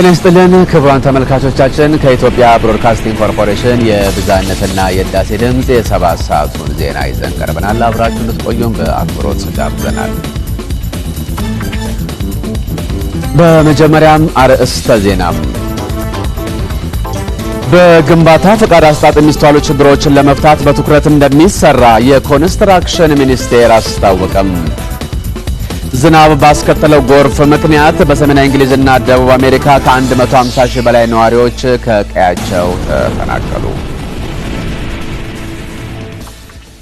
ጤና ይስጥልን ክቡራን ተመልካቾቻችን፣ ከኢትዮጵያ ብሮድካስቲንግ ኮርፖሬሽን የብዛነትና የዳሴ ድምፅ የሰባት ሰዓቱን ዜና ይዘን ቀርበናል። አብራችሁ ልትቆዩም በአክብሮት ጋብዘናል። በመጀመሪያም አርዕስተ ዜና። በግንባታ ፈቃድ አሰጣጥ የሚስተዋሉ ችግሮችን ለመፍታት በትኩረት እንደሚሰራ የኮንስትራክሽን ሚኒስቴር አስታወቀም። ዝናብ ባስከተለው ጎርፍ ምክንያት እንግሊዝ እንግሊዝና ደቡብ አሜሪካ ከ150 ሺህ በላይ ነዋሪዎች ከቀያቸው ተፈናቀሉ።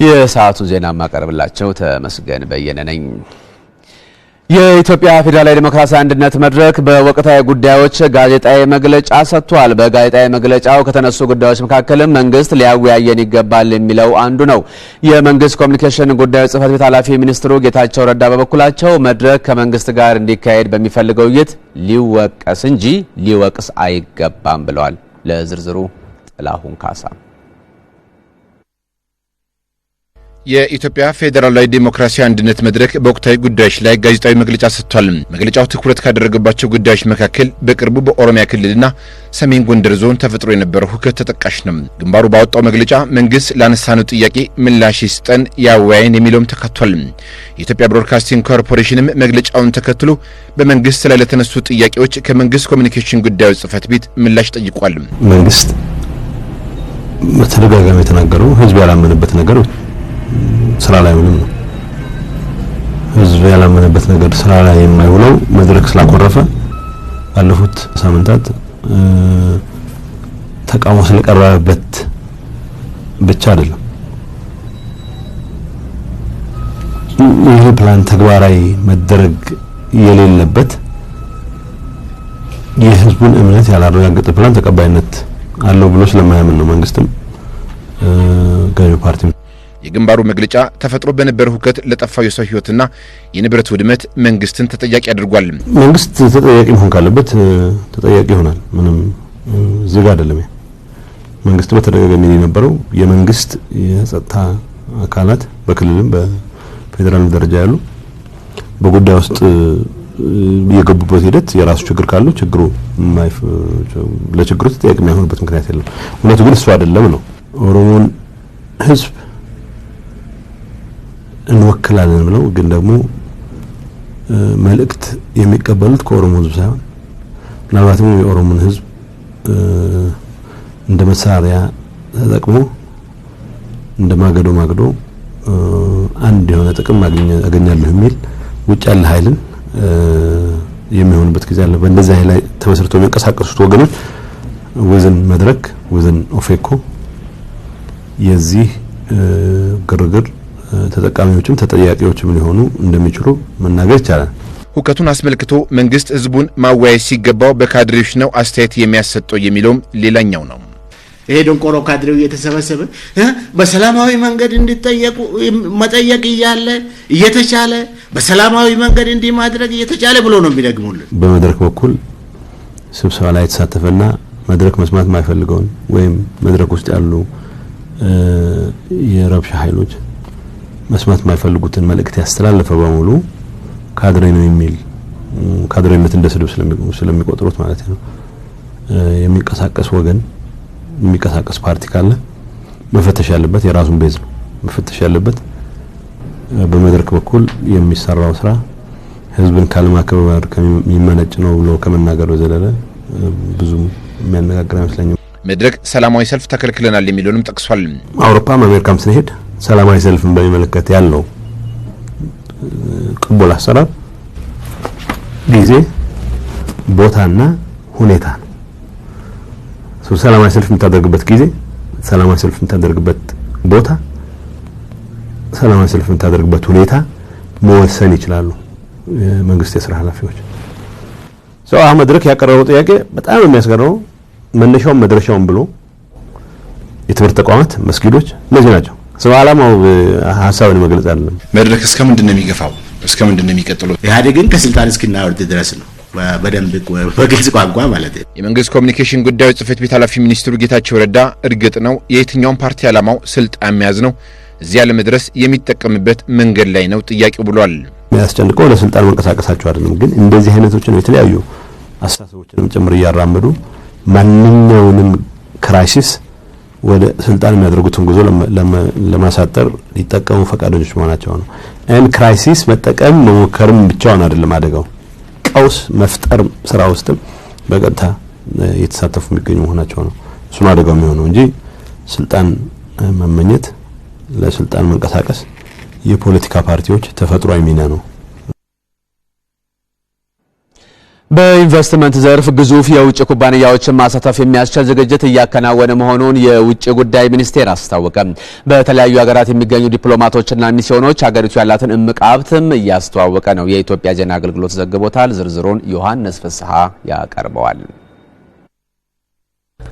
የሰዓቱን ዜና ማቀርብላቸው ተመስገን በየነ ነኝ። የኢትዮጵያ ፌዴራላዊ ዴሞክራሲያዊ አንድነት መድረክ በወቅታዊ ጉዳዮች ጋዜጣዊ መግለጫ ሰጥቷል። በጋዜጣዊ መግለጫው ከተነሱ ጉዳዮች መካከልም መንግስት ሊያወያየን ይገባል የሚለው አንዱ ነው። የመንግስት ኮሚኒኬሽን ጉዳዮች ጽህፈት ቤት ኃላፊ ሚኒስትሩ ጌታቸው ረዳ በበኩላቸው መድረክ ከመንግስት ጋር እንዲካሄድ በሚፈልገው ውይይት ሊወቀስ እንጂ ሊወቅስ አይገባም ብለዋል። ለዝርዝሩ ጥላሁን ካሳ የኢትዮጵያ ፌዴራላዊ ዴሞክራሲያዊ አንድነት መድረክ በወቅታዊ ጉዳዮች ላይ ጋዜጣዊ መግለጫ ሰጥቷል። መግለጫው ትኩረት ካደረገባቸው ጉዳዮች መካከል በቅርቡ በኦሮሚያ ክልልና ሰሜን ጎንደር ዞን ተፈጥሮ የነበረው ሁከት ተጠቃሽ ነው። ግንባሩ ባወጣው መግለጫ መንግስት ላነሳነው ጥያቄ ምላሽ ይስጠን፣ ያወያይን የሚለውም ተካቷል። የኢትዮጵያ ብሮድካስቲንግ ኮርፖሬሽንም መግለጫውን ተከትሎ በመንግስት ላይ ለተነሱ ጥያቄዎች ከመንግስት ኮሚኒኬሽን ጉዳዮች ጽህፈት ቤት ምላሽ ጠይቋል። መንግስት በተደጋጋሚ የተናገረው ህዝብ ያላመንበት ነገር ስራ ላይ ምንም ነው። ህዝብ ያላመነበት ነገር ስራ ላይ የማይውለው መድረክ ስላኮረፈ ባለፉት ሳምንታት ተቃውሞ ስለቀረበበት ብቻ አይደለም። ይህ ፕላን ተግባራዊ መደረግ የሌለበት የህዝቡን እምነት ያላረጋገጠ ፕላን ተቀባይነት አለው ብሎ ስለማያምን ነው መንግስትም ገዢው ፓርቲ የግንባሩ መግለጫ ተፈጥሮ በነበረ ሁከት ለጠፋው የሰው ህይወትና የንብረት ውድመት መንግስትን ተጠያቂ አድርጓል። መንግስት ተጠያቂ መሆን ካለበት ተጠያቂ ይሆናል። ምንም ዝግ አይደለም። መንግስት በተደጋጋሚ የነበረው የመንግስት የጸጥታ አካላት በክልልም በፌዴራል ደረጃ ያሉ በጉዳይ ውስጥ የገቡበት ሂደት የራሱ ችግር ካለው ችግሩ ለችግሩ ተጠያቂ የማይሆንበት ምክንያት የለም። እውነቱ ግን እሱ አይደለም ነው። ኦሮሞን ህዝብ እንወክላለን ብለው ግን ደግሞ መልእክት የሚቀበሉት ከኦሮሞ ህዝብ ሳይሆን ምናልባትም የኦሮሞን ህዝብ እንደ መሳሪያ ተጠቅሞ እንደ ማገዶ ማገዶ አንድ የሆነ ጥቅም አገኛለሁ የሚል ውጭ ያለ ኃይልን የሚሆንበት ጊዜ አለ። በእንደዚህ ኃይል ላይ ተመስርቶ የሚንቀሳቀሱት ወገኖች ወዝን መድረክ ወዝን ኦፌኮ የዚህ ግርግር ተጠቃሚዎችም ተጠያቂዎችም ሊሆኑ እንደሚችሉ መናገር ይቻላል። ሁከቱን አስመልክቶ መንግስት ህዝቡን ማወያየት ሲገባው በካድሬዎች ነው አስተያየት የሚያሰጠው የሚለውም ሌላኛው ነው። ይሄ ደንቆሮ ካድሬው እየተሰበሰበ በሰላማዊ መንገድ እንዲጠየቁ መጠየቅ እያለ እየተቻለ በሰላማዊ መንገድ እንዲህ ማድረግ እየተቻለ ብሎ ነው የሚደግሙልን። በመድረክ በኩል ስብሰባ ላይ የተሳተፈና መድረክ መስማት የማይፈልገውን ወይም መድረክ ውስጥ ያሉ የረብሻ ኃይሎች መስማት የማይፈልጉትን መልእክት ያስተላለፈ በሙሉ ካድሬ ነው የሚል ካድሬነት እንደ ስድብ ስለሚቆጥሩት ማለት ነው። የሚንቀሳቀስ ወገን የሚንቀሳቀስ ፓርቲ ካለ መፈተሽ ያለበት የራሱን ቤዝ ነው። መፈተሽ ያለበት በመድረክ በኩል የሚሰራው ስራ ህዝብን ካለማክበር የሚመነጭ ነው ብሎ ከመናገር በዘለለ ብዙም የሚያነጋግር አይመስለኝም። መድረክ ሰላማዊ ሰልፍ ተከልክለናል የሚለውንም ጠቅሷል። አውሮፓም አሜሪካም ስንሄድ ሰላማዊ ሰልፍን በሚመለከት ያለው ቅቡል አሰራር ጊዜ ቦታና ሁኔታ ነው። ሰላማዊ ሰልፍ የምታደርግበት ጊዜ፣ ሰላማዊ ሰልፍ የምታደርግበት ቦታ፣ ሰላማዊ ሰልፍ የምታደርግበት ሁኔታ መወሰን ይችላሉ መንግስት የስራ ኃላፊዎች። ሰው አሁን መድረክ ያቀረበው ጥያቄ በጣም የሚያስገርመው መነሻውን መድረሻውን ብሎ የትምህርት ተቋማት መስጊዶች እነዚህ ናቸው። ሰው ዓላማው ሀሳብን መግለጽ አለም። መድረክ እስከ ምንድን ነው የሚገፋው? እስከ ምንድን ነው የሚቀጥለው? ኢህአዴግን ከስልጣን እስክናወርድ ድረስ ነው። በደንብ በግልጽ ቋንቋ ማለት ነው። የመንግስት ኮሚኒኬሽን ጉዳዮች ጽህፈት ቤት ኃላፊ ሚኒስትሩ ጌታቸው ረዳ እርግጥ ነው የየትኛውም ፓርቲ ዓላማው ስልጣን መያዝ ነው፣ እዚያ ለመድረስ የሚጠቀምበት መንገድ ላይ ነው ጥያቄው ብሏል። የሚያስጨንቀው ለስልጣን መንቀሳቀሳቸው አይደለም፣ ግን እንደዚህ ነው የተለያዩ አስተሳሰቦችንም ጭምር እያራመዱ ማንኛውንም ክራይሲስ ወደ ስልጣን የሚያደርጉትን ጉዞ ለማሳጠር ሊጠቀሙ ፈቃደኞች መሆናቸው ነው። ኤን ክራይሲስ መጠቀም መሞከርም ብቻውን አይደለም አደጋው፣ ቀውስ መፍጠር ስራ ውስጥም በቀጥታ የተሳተፉ የሚገኙ መሆናቸው ነው። እሱ ነው አደጋው የሚሆነው እንጂ ስልጣን መመኘት፣ ለስልጣን መንቀሳቀስ የፖለቲካ ፓርቲዎች ተፈጥሯዊ ሚና ነው። በኢንቨስትመንት ዘርፍ ግዙፍ የውጭ ኩባንያዎችን ማሳተፍ የሚያስችል ዝግጅት እያከናወነ መሆኑን የውጭ ጉዳይ ሚኒስቴር አስታወቀ። በተለያዩ ሀገራት የሚገኙ ዲፕሎማቶችና ሚስዮኖች ሀገሪቱ ያላትን እምቅ ሀብትም እያስተዋወቀ ነው። የኢትዮጵያ ዜና አገልግሎት ዘግቦታል። ዝርዝሩን ዮሐንስ ፍስሐ ያቀርበዋል።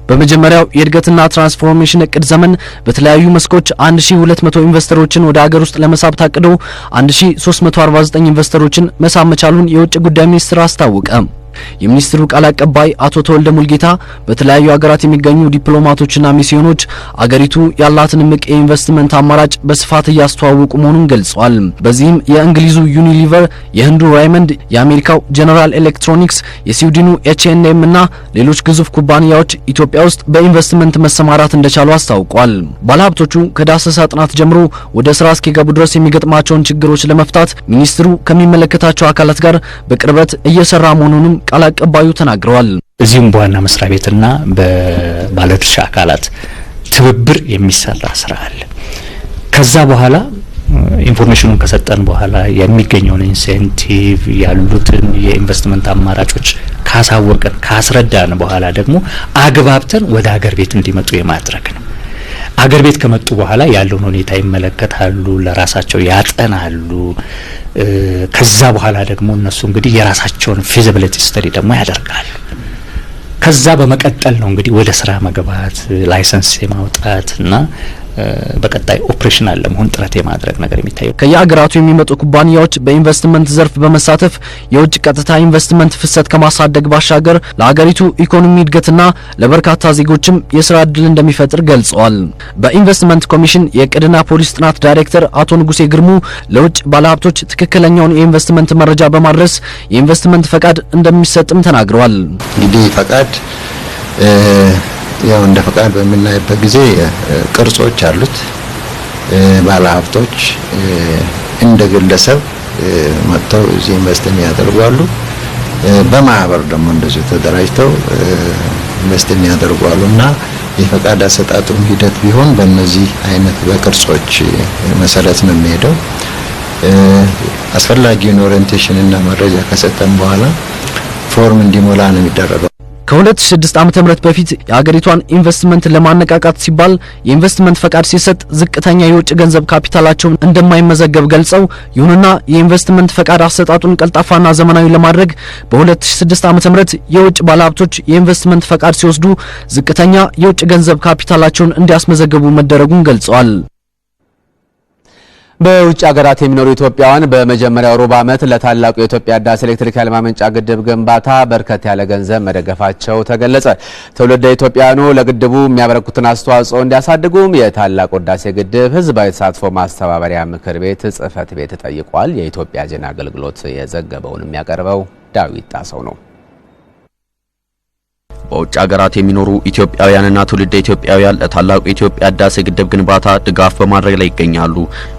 በመጀመሪያው የእድገትና ትራንስፎርሜሽን እቅድ ዘመን በተለያዩ መስኮች 1200 ኢንቨስተሮችን ወደ ሀገር ውስጥ ለመሳብ ታቅዶ 1349 ኢንቨስተሮችን መሳብ መቻሉን የውጭ ጉዳይ ሚኒስቴር አስታወቀ። የሚኒስትሩ ቃል አቀባይ አቶ ተወልደ ሙልጌታ በተለያዩ ሀገራት የሚገኙ ዲፕሎማቶችና ሚስዮኖች አገሪቱ ያላትን ምቅ የኢንቨስትመንት አማራጭ በስፋት እያስተዋወቁ መሆኑን ገልጸዋል። በዚህም የእንግሊዙ ዩኒሊቨር፣ የህንዱ ራይመንድ፣ የአሜሪካው ጀነራል ኤሌክትሮኒክስ፣ የስዊድኑ ኤችኤንኤም እና ሌሎች ግዙፍ ኩባንያዎች ኢትዮጵያ ውስጥ በኢንቨስትመንት መሰማራት እንደቻሉ አስታውቋል። ባለሀብቶቹ ከዳሰሳ ጥናት ጀምሮ ወደ ስራ እስኪገቡ ድረስ የሚገጥማቸውን ችግሮች ለመፍታት ሚኒስትሩ ከሚመለከታቸው አካላት ጋር በቅርበት እየሰራ መሆኑንም ቃል አቀባዩ ተናግረዋል። እዚሁም በዋና መስሪያ ቤትና በባለድርሻ አካላት ትብብር የሚሰራ ስራ አለ። ከዛ በኋላ ኢንፎርሜሽኑን ከሰጠን በኋላ የሚገኘውን ኢንሴንቲቭ ያሉትን የኢንቨስትመንት አማራጮች ካሳወቅን ካስረዳን በኋላ ደግሞ አግባብተን ወደ ሀገር ቤት እንዲመጡ የማድረግ ነው። አገር ቤት ከመጡ በኋላ ያለውን ሁኔታ ይመለከታሉ፣ ለራሳቸው ያጠናሉ። ከዛ በኋላ ደግሞ እነሱ እንግዲህ የራሳቸውን ፊዚቢሊቲ ስተዲ ደግሞ ያደርጋሉ። ከዛ በመቀጠል ነው እንግዲህ ወደ ስራ መግባት ላይሰንስ የማውጣት እና በቀጣይ ኦፕሬሽናል ለመሆን ጥረት የማድረግ ነገር የሚታየው ከየሀገራቱ የሚመጡ ኩባንያዎች በኢንቨስትመንት ዘርፍ በመሳተፍ የውጭ ቀጥታ ኢንቨስትመንት ፍሰት ከማሳደግ ባሻገር ለሀገሪቱ ኢኮኖሚ እድገትና ለበርካታ ዜጎችም የስራ እድል እንደሚፈጥር ገልጸዋል። በኢንቨስትመንት ኮሚሽን የቅድና ፖሊስ ጥናት ዳይሬክተር አቶ ንጉሴ ግርሙ ለውጭ ባለሀብቶች ትክክለኛውን የኢንቨስትመንት መረጃ በማድረስ የኢንቨስትመንት ፈቃድ እንደሚሰጥም ተናግረዋል። እንግዲህ ፈቃድ ያው እንደ ፈቃድ በምናይበት ጊዜ ቅርጾች አሉት። ባለሀብቶች እንደ ግለሰብ መጥተው እዚህ ኢንቨስት የሚያደርጉ አሉ። በማህበር ደግሞ እንደዚሁ ተደራጅተው ኢንቨስት የሚያደርጉ አሉ እና የፈቃድ አሰጣጡም ሂደት ቢሆን በእነዚህ አይነት በቅርጾች መሰረት ነው የሚሄደው። አስፈላጊውን ኦሪንቴሽን እና መረጃ ከሰጠን በኋላ ፎርም እንዲሞላ ነው የሚደረገው። ከ2006 ዓ.ም በፊት የሀገሪቷን ኢንቨስትመንት ለማነቃቃት ሲባል የኢንቨስትመንት ፈቃድ ሲሰጥ ዝቅተኛ የውጭ ገንዘብ ካፒታላቸው እንደማይመዘገብ ገልጸው፣ ይሁንና የኢንቨስትመንት ፈቃድ አሰጣጡን ቀልጣፋና ዘመናዊ ለማድረግ በ2006 ዓ.ም የውጭ ባለሀብቶች የኢንቨስትመንት ፈቃድ ሲወስዱ ዝቅተኛ የውጭ ገንዘብ ካፒታላቸውን እንዲያስመዘግቡ መደረጉን ገልጸዋል። በውጭ ሀገራት የሚኖሩ ኢትዮጵያውያን በመጀመሪያው ሩብ ዓመት ለታላቁ የኢትዮጵያ ሕዳሴ ኤሌክትሪክ ኃይል ማመንጫ ግድብ ግንባታ በርከት ያለ ገንዘብ መደገፋቸው ተገለጸ። ትውልደ ኢትዮጵያውያኑ ለግድቡ የሚያበረክቱትን አስተዋጽኦ እንዲያሳድጉም የታላቁ ሕዳሴ ግድብ ህዝባዊ ተሳትፎ ማስተባበሪያ ምክር ቤት ጽህፈት ቤት ጠይቋል። የኢትዮጵያ ዜና አገልግሎት የዘገበውን የሚያቀርበው ዳዊት ጣሰው ነው። በውጭ ሀገራት የሚኖሩ ኢትዮጵያውያንና ትውልደ ኢትዮጵያውያን ለታላቁ የኢትዮጵያ ህዳሴ ግድብ ግንባታ ድጋፍ በማድረግ ላይ ይገኛሉ።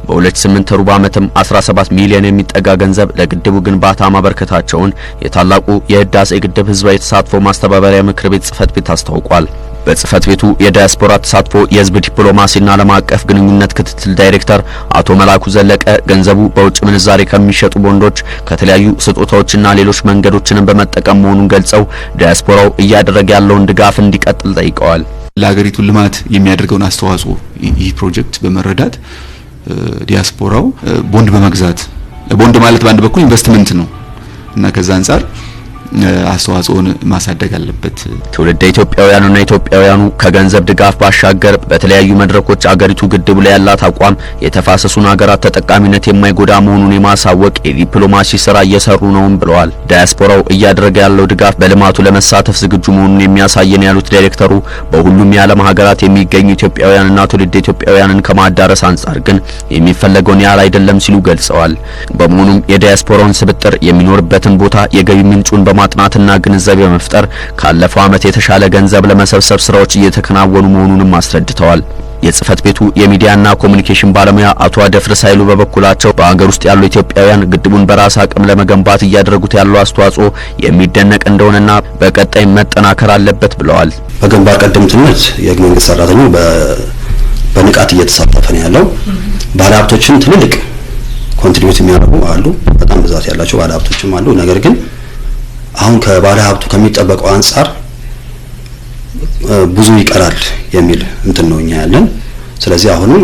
በ2008 ሩብ ዓመትም 17 ሚሊዮን የሚጠጋ ገንዘብ ለግድቡ ግንባታ ማበርከታቸውን የታላቁ የህዳሴ ግድብ ህዝባዊ የተሳትፎ ማስተባበሪያ ምክር ቤት ጽህፈት ቤት አስታውቋል። በጽህፈት ቤቱ የዳያስፖራ ተሳትፎ የህዝብ ዲፕሎማሲና ዓለም አቀፍ ግንኙነት ክትትል ዳይሬክተር አቶ መላኩ ዘለቀ ገንዘቡ በውጭ ምንዛሬ ከሚሸጡ ቦንዶች፣ ከተለያዩ ስጦታዎችና ሌሎች መንገዶችንም በመጠቀም መሆኑን ገልጸው ዳያስፖራው እያደረገ ያለውን ድጋፍ እንዲቀጥል ጠይቀዋል። ለሀገሪቱ ልማት የሚያደርገውን አስተዋጽኦ ይህ ፕሮጀክት በመረዳት ዲያስፖራው ቦንድ በመግዛት ቦንድ ማለት በአንድ በኩል ኢንቨስትመንት ነው እና ከዛ አንጻር አስተዋጽኦን ማሳደግ አለበት። ትውልድ ኢትዮጵያውያኑና ኢትዮጵያውያኑ ከገንዘብ ድጋፍ ባሻገር በተለያዩ መድረኮች አገሪቱ ግድቡ ላይ ያላት አቋም የተፋሰሱን ሀገራት ተጠቃሚነት የማይጎዳ መሆኑን የማሳወቅ የዲፕሎማሲ ስራ እየሰሩ ነውም ብለዋል። ዳያስፖራው እያደረገ ያለው ድጋፍ በልማቱ ለመሳተፍ ዝግጁ መሆኑን የሚያሳየን ያሉት ዳይሬክተሩ በሁሉም የዓለም ሀገራት የሚገኙ ኢትዮጵያውያንና ትውልድ ኢትዮጵያውያንን ከማዳረስ አንጻር ግን የሚፈለገውን ያህል አይደለም ሲሉ ገልጸዋል። በመሆኑም የዳያስፖራውን ስብጥር የሚኖርበትን ቦታ የገቢ ምንጩን በማጥናትና ግንዛቤ በመፍጠር ካለፈው ዓመት የተሻለ ገንዘብ ለመሰብሰብ ስራዎች እየተከናወኑ መሆኑንም አስረድተዋል። የጽህፈት ቤቱ የሚዲያና ኮሚኒኬሽን ባለሙያ አቶ አደፍርስ ኃይሉ በበኩላቸው በአገር ውስጥ ያሉ ኢትዮጵያውያን ግድቡን በራስ አቅም ለመገንባት እያደረጉት ያለው አስተዋጽኦ የሚደነቅ እንደሆነና በቀጣይ መጠናከር አለበት ብለዋል። በግንባር ቀደምትነት የህግ መንግስት ሰራተኛው በንቃት እየተሳተፈ ነው ያለው። ባለሀብቶችን ትልልቅ ኮንትሪቢዩት የሚያደርጉ አሉ። በጣም ብዛት ያላቸው ባለሀብቶችም አሉ። ነገር ግን አሁን ከባለ ሀብቱ ከሚጠበቀው አንጻር ብዙ ይቀራል የሚል እንትን ነው እኛ ያለን። ስለዚህ አሁንም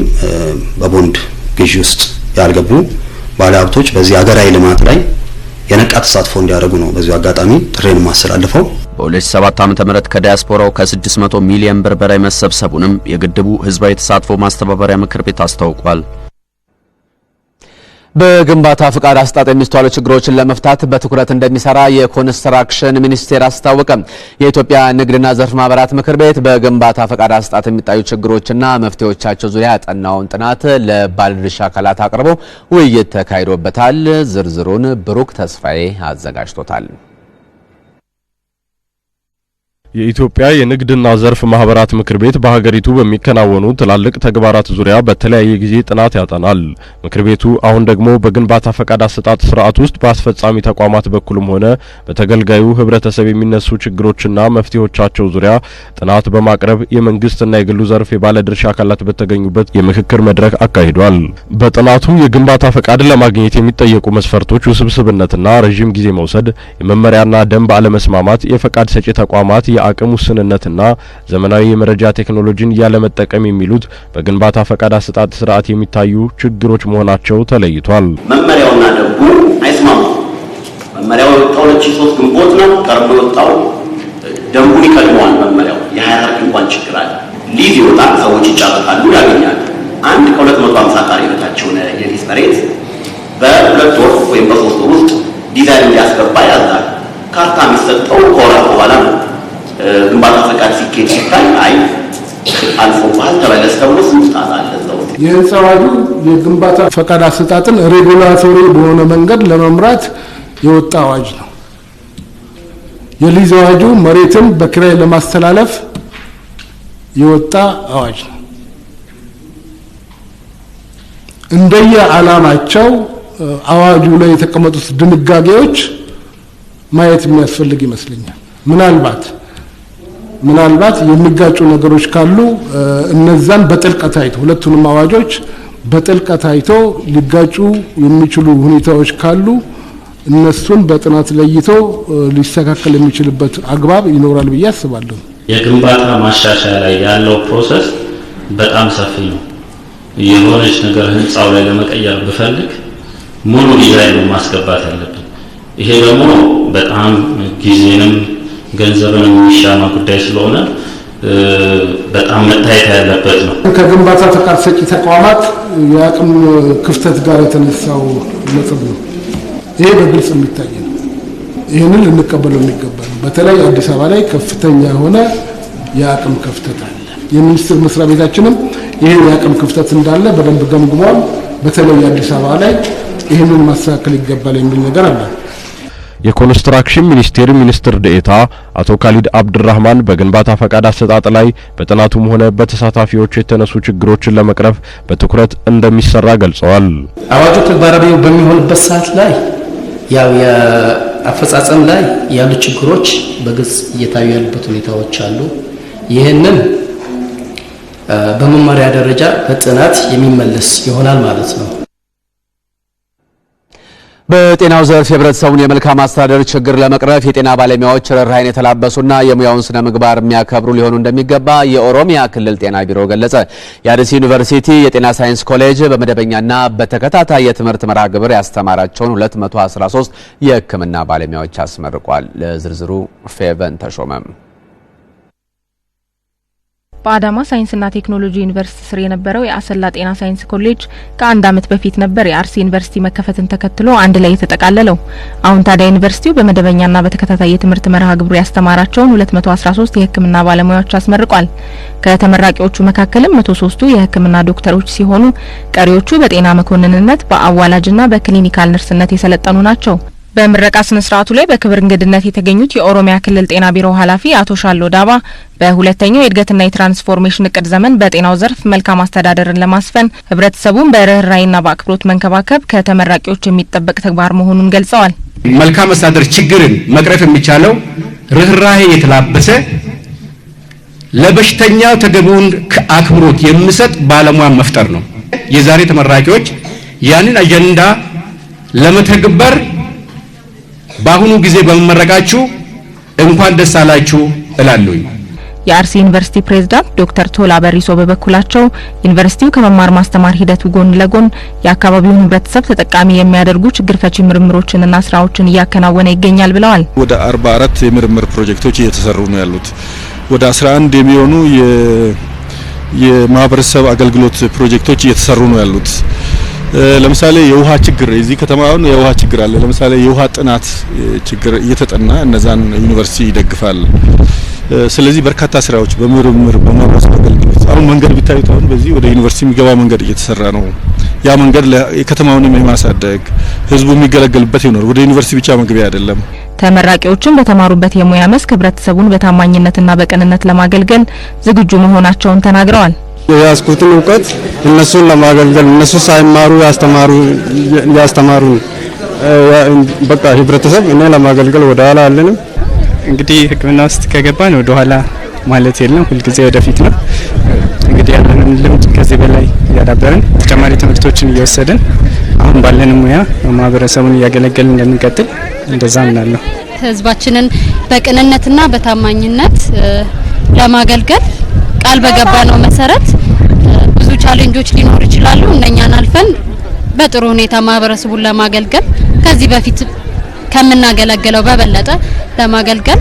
በቦንድ ግዢ ውስጥ ያልገቡ ባለ ሀብቶች በዚህ ሀገራዊ ልማት ላይ የነቃ ተሳትፎ እንዲያደርጉ ነው በዚሁ አጋጣሚ ጥሬን ማስተላልፈው። በ2007 ዓ.ም ከዲያስፖራው ከ600 ሚሊዮን ብር በላይ መሰብሰቡንም የግድቡ ህዝባዊ ተሳትፎ ማስተባበሪያ ምክር ቤት አስታውቋል። በግንባታ ፍቃድ አሰጣጥ የሚስተዋሉ ችግሮችን ለመፍታት በትኩረት እንደሚሰራ የኮንስትራክሽን ሚኒስቴር አስታወቀ። የኢትዮጵያ ንግድና ዘርፍ ማህበራት ምክር ቤት በግንባታ ፍቃድ አሰጣጥ የሚታዩ ችግሮችና መፍትሄዎቻቸው ዙሪያ ያጠናውን ጥናት ለባለድርሻ አካላት አቅርቦ ውይይት ተካሂዶበታል። ዝርዝሩን ብሩክ ተስፋዬ አዘጋጅቶታል። የኢትዮጵያ የንግድና ዘርፍ ማህበራት ምክር ቤት በሀገሪቱ በሚከናወኑ ትላልቅ ተግባራት ዙሪያ በተለያየ ጊዜ ጥናት ያጠናል። ምክር ቤቱ አሁን ደግሞ በግንባታ ፈቃድ አሰጣጥ ስርዓት ውስጥ በአስፈጻሚ ተቋማት በኩልም ሆነ በተገልጋዩ ህብረተሰብ የሚነሱ ችግሮችና መፍትሄዎቻቸው ዙሪያ ጥናት በማቅረብ የመንግስትና የግሉ ዘርፍ የባለድርሻ አካላት በተገኙበት የምክክር መድረክ አካሂዷል። በጥናቱ የግንባታ ፈቃድ ለማግኘት የሚጠየቁ መስፈርቶች ውስብስብነትና ረዥም ጊዜ መውሰድ፣ የመመሪያና ደንብ አለመስማማት፣ የፈቃድ ሰጪ ተቋማት የአቅም ውስንነትና ዘመናዊ የመረጃ ቴክኖሎጂን ያለመጠቀም የሚሉት በግንባታ ፈቃድ አሰጣጥ ስርዓት የሚታዩ ችግሮች መሆናቸው ተለይቷል። መመሪያውና ደንቡ አይስማሙ። መመሪያው የወጣው ሶስት ግንቦት ነው። ቀርቦ የወጣው ደንቡን ይቀድመዋል። መመሪያው የሃይራርኪ እንኳን ችግር አለ። ሊዝ ይወጣል፣ ሰዎች ይጫረታሉ፣ ያገኛሉ። አንድ ከ250 ካሬ በታች የሆነ የሊዝ መሬት በሁለት ወር ወይም በሶስት ወር ውስጥ ዲዛይን እንዲያስገባ ያዛል። የህንፃ አዋጁ የግንባታ ፈቃድ አሰጣጥን ሬጉላቶሪ በሆነ መንገድ ለመምራት የወጣ አዋጅ ነው። የሊዝ አዋጁ መሬትን በኪራይ ለማስተላለፍ የወጣ አዋጅ ነው። እንደየ ዓላማቸው አዋጁ ላይ የተቀመጡት ድንጋጌዎች ማየት የሚያስፈልግ ይመስለኛል ምናልባት ምናልባት የሚጋጩ ነገሮች ካሉ እነዛን በጥልቀት አይቶ ሁለቱንም አዋጆች በጥልቀት አይቶ ሊጋጩ የሚችሉ ሁኔታዎች ካሉ እነሱን በጥናት ለይቶ ሊስተካከል የሚችልበት አግባብ ይኖራል ብዬ አስባለሁ። የግንባታ ማሻሻያ ላይ ያለው ፕሮሰስ በጣም ሰፊ ነው። የሆነች ነገር ህንፃው ላይ ለመቀየር ብፈልግ ሙሉ ዲዛይን ማስገባት አለብን። ይሄ ደግሞ በጣም ጊዜንም ገንዘብን የሚሻማ ጉዳይ ስለሆነ በጣም መታየት ያለበት ነው። ከግንባታ ፈቃድ ሰጪ ተቋማት የአቅም ክፍተት ጋር የተነሳው ነጥብ ነው። ይሄ በግልጽ የሚታይ ነው። ይህንን ልንቀበለው የሚገባ ነው። በተለይ አዲስ አበባ ላይ ከፍተኛ የሆነ የአቅም ክፍተት አለ። የሚኒስቴር መስሪያ ቤታችንም ይህን የአቅም ክፍተት እንዳለ በደንብ ገምግሟል። በተለይ አዲስ አበባ ላይ ይህንን ማስተካከል ይገባል የሚል ነገር አለ። የኮንስትራክሽን ሚኒስቴር ሚኒስትር ዴኤታ አቶ ካሊድ አብድራህማን በግንባታ ፈቃድ አሰጣጥ ላይ በጥናቱም ሆነ በተሳታፊዎች የተነሱ ችግሮችን ለመቅረፍ በትኩረት እንደሚሰራ ገልጸዋል። አዋጁ ተግባራዊ በሚሆንበት ሰዓት ላይ ያው የአፈጻጸም ላይ ያሉ ችግሮች በግልጽ እየታዩ ያሉበት ሁኔታዎች አሉ። ይህንን በመመሪያ ደረጃ በጥናት የሚመለስ ይሆናል ማለት ነው። በጤናው ዘርፍ የህብረተሰቡን የመልካም አስተዳደር ችግር ለመቅረፍ የጤና ባለሙያዎች ርህራሄን የተላበሱና የሙያውን ስነ ምግባር የሚያከብሩ ሊሆኑ እንደሚገባ የኦሮሚያ ክልል ጤና ቢሮ ገለጸ። የአዲስ ዩኒቨርሲቲ የጤና ሳይንስ ኮሌጅ በመደበኛና በተከታታይ የትምህርት መርሃ ግብር ያስተማራቸውን 213 የህክምና ባለሙያዎች አስመርቋል። ለዝርዝሩ ፌቨን ተሾመም በአዳማ ሳይንስና ቴክኖሎጂ ዩኒቨርሲቲ ስር የነበረው የአሰላ ጤና ሳይንስ ኮሌጅ ከአንድ ዓመት በፊት ነበር የአርሲ ዩኒቨርሲቲ መከፈትን ተከትሎ አንድ ላይ የተጠቃለለው። አሁን ታዲያ ዩኒቨርሲቲው በመደበኛና በተከታታይ የትምህርት መርሃ ግብሩ ያስተማራቸውን 213 የሕክምና ባለሙያዎች አስመርቋል። ከተመራቂዎቹ መካከልም መቶ ቱ የሕክምና ዶክተሮች ሲሆኑ ቀሪዎቹ በጤና መኮንንነት፣ በአዋላጅና በክሊኒካል ነርስነት የሰለጠኑ ናቸው። በምረቃ ስነ ስርዓቱ ላይ በክብር እንግድነት የተገኙት የኦሮሚያ ክልል ጤና ቢሮ ኃላፊ አቶ ሻሎ ዳባ በሁለተኛው የእድገትና የትራንስፎርሜሽን እቅድ ዘመን በጤናው ዘርፍ መልካም አስተዳደርን ለማስፈን ህብረተሰቡን በርኅራይና በአክብሮት መንከባከብ ከተመራቂዎች የሚጠበቅ ተግባር መሆኑን ገልጸዋል። መልካም አስተዳደር ችግርን መቅረፍ የሚቻለው ርህራሄ የተላበሰ ለበሽተኛው ተገቢውን አክብሮት የሚሰጥ ባለሙያ መፍጠር ነው። የዛሬ ተመራቂዎች ያንን አጀንዳ ለመተግበር በአሁኑ ጊዜ በመመረቃችሁ እንኳን ደስ አላችሁ እላለሁኝ። የአርሲ ዩኒቨርሲቲ ፕሬዝዳንት ዶክተር ቶላ በሪሶ በበኩላቸው ዩኒቨርሲቲው ከመማር ማስተማር ሂደቱ ጎን ለጎን የአካባቢውን ህብረተሰብ ተጠቃሚ የሚያደርጉ ችግር ፈቺ ምርምሮችንና ስራዎችን እያከናወነ ይገኛል ብለዋል። ወደ 44 የምርምር ፕሮጀክቶች እየተሰሩ ነው ያሉት። ወደ 11 የሚሆኑ የማህበረሰብ አገልግሎት ፕሮጀክቶች እየተሰሩ ነው ያሉት። ለምሳሌ የውሃ ችግር እዚህ ከተማ አሁን የውሃ ችግር አለ። ለምሳሌ የውሃ ጥናት ችግር እየተጠና እነዛን ዩኒቨርሲቲ ይደግፋል። ስለዚህ በርካታ ስራዎች በምርምር በማዋስ አገልግሎት አሁን መንገድ ቢታዩት አሁን በዚህ ወደ ዩኒቨርሲቲ የሚገባ መንገድ እየተሰራ ነው። ያ መንገድ ለከተማውን የማሳደግ ህዝቡ የሚገለገልበት ይሆናል። ወደ ዩኒቨርሲቲ ብቻ መግቢያ አይደለም። ተመራቂዎችን በተማሩበት የሙያ መስክ ህብረተሰቡን በታማኝነትና በቅንነት ለማገልገል ዝግጁ መሆናቸውን ተናግረዋል። የያዝኩትን እውቀት እነሱን ለማገልገል እነሱ ሳይማሩ ያስተማሩ ያስተማሩ በቃ ህብረተሰብ እኔ ለማገልገል ወደ ኋላ አለንም። እንግዲህ ሕክምና ውስጥ ከገባን ወደ ኋላ ማለት የለም፣ ሁልጊዜ ወደፊት ነው። እንግዲህ ያለንን ልምድ ከዚህ በላይ እያዳበርን ተጨማሪ ትምህርቶችን እየወሰድን አሁን ባለን ሙያ ማህበረሰቡን እያገለገልን እንደምንቀጥል እንደዛ ምናለሁ። ህዝባችንን በቅንነትና በታማኝነት ለማገልገል ቃል በገባ ነው መሰረት ብዙ ቻሌንጆች ሊኖሩ ይችላሉ። እነኛን አልፈን በጥሩ ሁኔታ ማህበረሰቡን ለማገልገል ከዚህ በፊት ከምናገለግለው በበለጠ ለማገልገል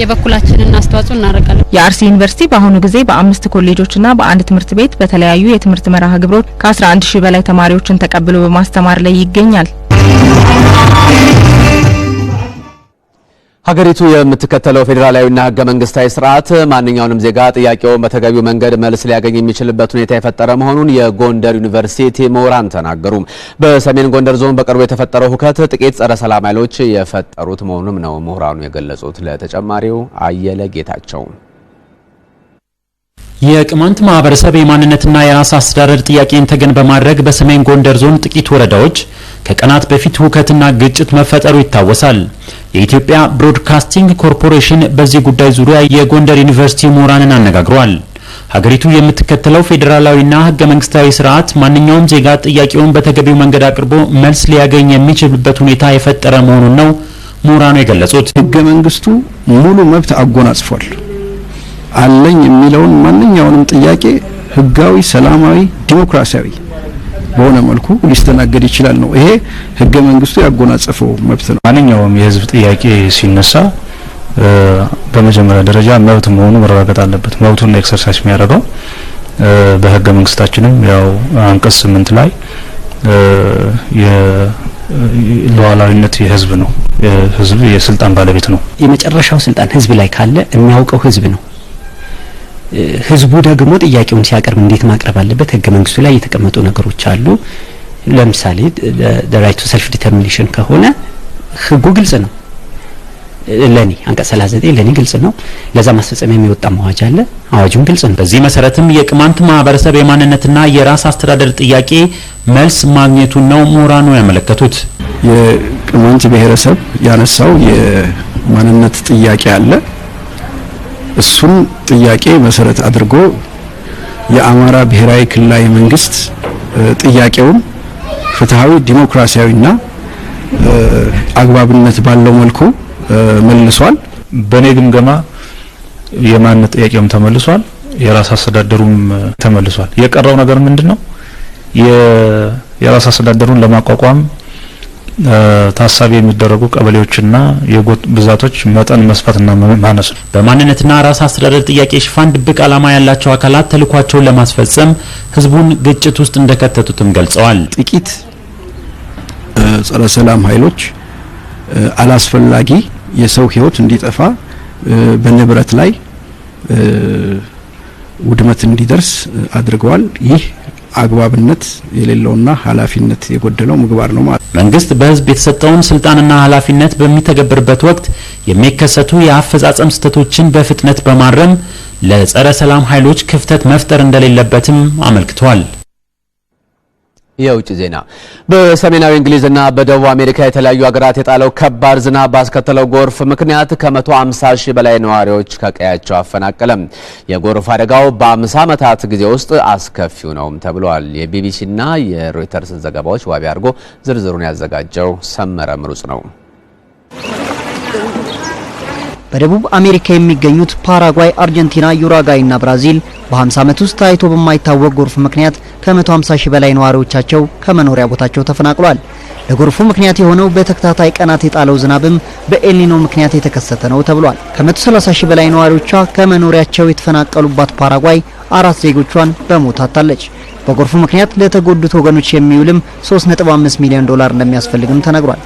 የበኩላችንን አስተዋጽኦ እናደርጋለን። የአርሲ ዩኒቨርሲቲ በአሁኑ ጊዜ በአምስት ኮሌጆችና በአንድ ትምህርት ቤት በተለያዩ የትምህርት መርሃ ግብሮች ከ11 ሺህ በላይ ተማሪዎችን ተቀብሎ በማስተማር ላይ ይገኛል። ሀገሪቱ የምትከተለው ፌዴራላዊና ህገ መንግስታዊ ስርዓት ማንኛውንም ዜጋ ጥያቄውን በተገቢው መንገድ መልስ ሊያገኝ የሚችልበት ሁኔታ የፈጠረ መሆኑን የጎንደር ዩኒቨርሲቲ ምሁራን ተናገሩ። በሰሜን ጎንደር ዞን በቅርቡ የተፈጠረው ሁከት ጥቂት ጸረ ሰላም ኃይሎች የፈጠሩት መሆኑም ነው ምሁራኑ የገለጹት። ለተጨማሪው አየለ ጌታቸው የቅማንት ማህበረሰብ የማንነትና የራስ አስተዳደር ጥያቄን ተገን በማድረግ በሰሜን ጎንደር ዞን ጥቂት ወረዳዎች ከቀናት በፊት ሁከትና ግጭት መፈጠሩ ይታወሳል። የኢትዮጵያ ብሮድካስቲንግ ኮርፖሬሽን በዚህ ጉዳይ ዙሪያ የጎንደር ዩኒቨርሲቲ ምሁራንን አነጋግሯል። ሀገሪቱ የምትከተለው ፌዴራላዊና ህገ መንግስታዊ ስርዓት ማንኛውም ዜጋ ጥያቄውን በተገቢው መንገድ አቅርቦ መልስ ሊያገኝ የሚችልበት ሁኔታ የፈጠረ መሆኑን ነው ምሁራኑ የገለጹት። ህገ መንግስቱ ሙሉ መብት አጎናጽፏል። አለኝ የሚለውን ማንኛውንም ጥያቄ ህጋዊ፣ ሰላማዊ፣ ዲሞክራሲያዊ በሆነ መልኩ ሊስተናገድ ይችላል ነው። ይሄ ህገ መንግስቱ ያጎናጸፈው መብት ነው። ማንኛውም የህዝብ ጥያቄ ሲነሳ በመጀመሪያ ደረጃ መብት መሆኑ መረጋገጥ አለበት። መብቱን ኤክሰርሳይዝ የሚያደርገው በህገ መንግስታችንም ያው አንቀጽ ስምንት ላይ የሉዓላዊነት የህዝብ ነው፣ ህዝብ የስልጣን ባለቤት ነው። የመጨረሻው ስልጣን ህዝብ ላይ ካለ የሚያውቀው ህዝብ ነው። ህዝቡ ደግሞ ጥያቄውን ሲያቀርብ እንዴት ማቅረብ አለበት? ህገ መንግስቱ ላይ የተቀመጡ ነገሮች አሉ። ለምሳሌ ራይቱ ሰልፍ ዲተርሚኔሽን ከሆነ ህጉ ግልጽ ነው። ለኔ አንቀጽ 39 ለኔ ግልጽ ነው። ለዛ ማስፈጸሚያ የሚወጣ አዋጅ አለ። አዋጁም ግልጽ ነው። በዚህ መሰረትም የቅማንት ማህበረሰብ የማንነትና የራስ አስተዳደር ጥያቄ መልስ ማግኘቱን ነው ምሁራኑ ያመለከቱት። የቅማንት ብሔረሰብ ያነሳው የማንነት ጥያቄ አለ። እሱን ጥያቄ መሰረት አድርጎ የአማራ ብሔራዊ ክልላዊ መንግስት ጥያቄውን ፍትሐዊ፣ ዲሞክራሲያዊና አግባብነት ባለው መልኩ መልሷል። በእኔ ግምገማ የማንነት ጥያቄውም ተመልሷል፣ የራስ አስተዳደሩም ተመልሷል። የቀረው ነገር ምንድን ነው? የራስ አስተዳደሩን ለማቋቋም ታሳቢ የሚደረጉ ቀበሌዎችና የጎጥ ብዛቶች መጠን መስፋትና ማነስ ነው። በማንነትና ራስ አስተዳደር ጥያቄ ሽፋን ድብቅ ዓላማ ያላቸው አካላት ተልኳቸውን ለማስፈጸም ህዝቡን ግጭት ውስጥ እንደከተቱትም ገልጸዋል። ጥቂት ጸረ ሰላም ኃይሎች አላስፈላጊ የሰው ህይወት እንዲጠፋ በንብረት ላይ ውድመት እንዲደርስ አድርገዋል። ይህ አግባብነት የሌለውና ኃላፊነት የጎደለው ምግባር ነው ማለት መንግስት በህዝብ የተሰጠውን ስልጣንና ኃላፊነት በሚተገብርበት ወቅት የሚከሰቱ የአፈጻጸም ስህተቶችን በፍጥነት በማረም ለጸረ ሰላም ኃይሎች ክፍተት መፍጠር እንደሌለበትም አመልክቷል። የውጭ ዜና በሰሜናዊ እንግሊዝና በደቡብ አሜሪካ የተለያዩ ሀገራት የጣለው ከባድ ዝናብ ባስከተለው ጎርፍ ምክንያት ከ150 ሺህ በላይ ነዋሪዎች ከቀያቸው አፈናቀለም። የጎርፍ አደጋው በ50 ዓመታት ጊዜ ውስጥ አስከፊው ነውም ተብሏል። የቢቢሲና የሮይተርስ ዘገባዎች ዋቢ አድርጎ ዝርዝሩን ያዘጋጀው ሰመረ ምሩጽ ነው። በደቡብ አሜሪካ የሚገኙት ፓራጓይ፣ አርጀንቲና፣ ዩራጋይ እና ብራዚል በ50 ዓመት ውስጥ ታይቶ በማይታወቅ ጎርፍ ምክንያት ከ150 ሺህ በላይ ነዋሪዎቻቸው ከመኖሪያ ቦታቸው ተፈናቅሏል። ለጎርፉ ምክንያት የሆነው በተከታታይ ቀናት የጣለው ዝናብም በኤልኒኖ ምክንያት የተከሰተ ነው ተብሏል። ከ130 ሺህ በላይ ነዋሪዎቿ ከመኖሪያቸው የተፈናቀሉባት ፓራጓይ አራት ዜጎቿን በሞት አጣለች። በጎርፉ ምክንያት ለተጎዱት ወገኖች የሚውልም 3.5 ሚሊዮን ዶላር እንደሚያስፈልግም ተነግሯል።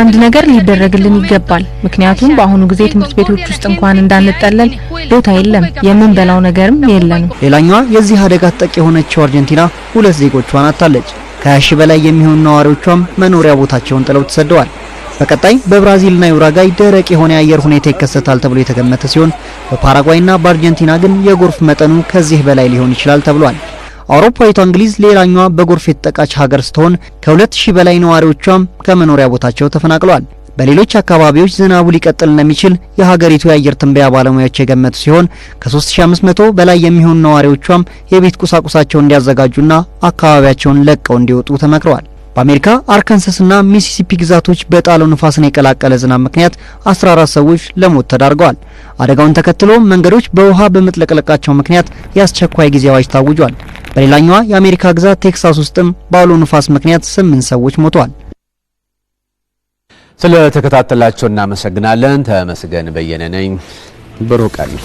አንድ ነገር ሊደረግልን ይገባል። ምክንያቱም በአሁኑ ጊዜ ትምህርት ቤቶች ውስጥ እንኳን እንዳንጠለል ቦታ የለም፣ የምንበላው ነገርም የለንም። ሌላኛዋ የዚህ አደጋ ተጠቂ የሆነችው አርጀንቲና ሁለት ዜጎቿን አጣለች። ከሀያ ሺህ በላይ የሚሆኑ ነዋሪዎቿም መኖሪያ ቦታቸውን ጥለው ተሰደዋል። በቀጣይ በብራዚልና ዩራጋይ ደረቅ የሆነ የአየር ሁኔታ ይከሰታል ተብሎ የተገመተ ሲሆን በፓራጓይና በአርጀንቲና ግን የጎርፍ መጠኑ ከዚህ በላይ ሊሆን ይችላል ተብሏል። አውሮፓዊቷ እንግሊዝ ሌላኛዋ በጎርፍ የተጠቃች ሀገር ስትሆን ከ2000 በላይ ነዋሪዎቿም ከመኖሪያ ቦታቸው ተፈናቅለዋል። በሌሎች አካባቢዎች ዝናቡ ሊቀጥል እንደሚችል የሀገሪቱ የአየር ትንበያ ባለሙያዎች የገመቱ ሲሆን ከ3500 በላይ የሚሆኑ ነዋሪዎቿም የቤት ቁሳቁሳቸውን እንዲያዘጋጁና አካባቢያቸውን ለቀው እንዲወጡ ተመክረዋል። በአሜሪካ አርካንሳስና ሚሲሲፒ ግዛቶች በጣለው ንፋስን የቀላቀለ ዝናብ ምክንያት 14 ሰዎች ለሞት ተዳርገዋል። አደጋውን ተከትሎ መንገዶች በውሃ በመጥለቅለቃቸው ምክንያት የአስቸኳይ ጊዜ አዋጅ ታውጇል። በሌላኛዋ የአሜሪካ ግዛት ቴክሳስ ውስጥም በአውሎ ንፋስ ምክንያት ስምንት ሰዎች ሞተዋል። ስለተከታተላቸው እናመሰግናለን። ተመስገን በየነ ነኝ። ብሩህ ቀን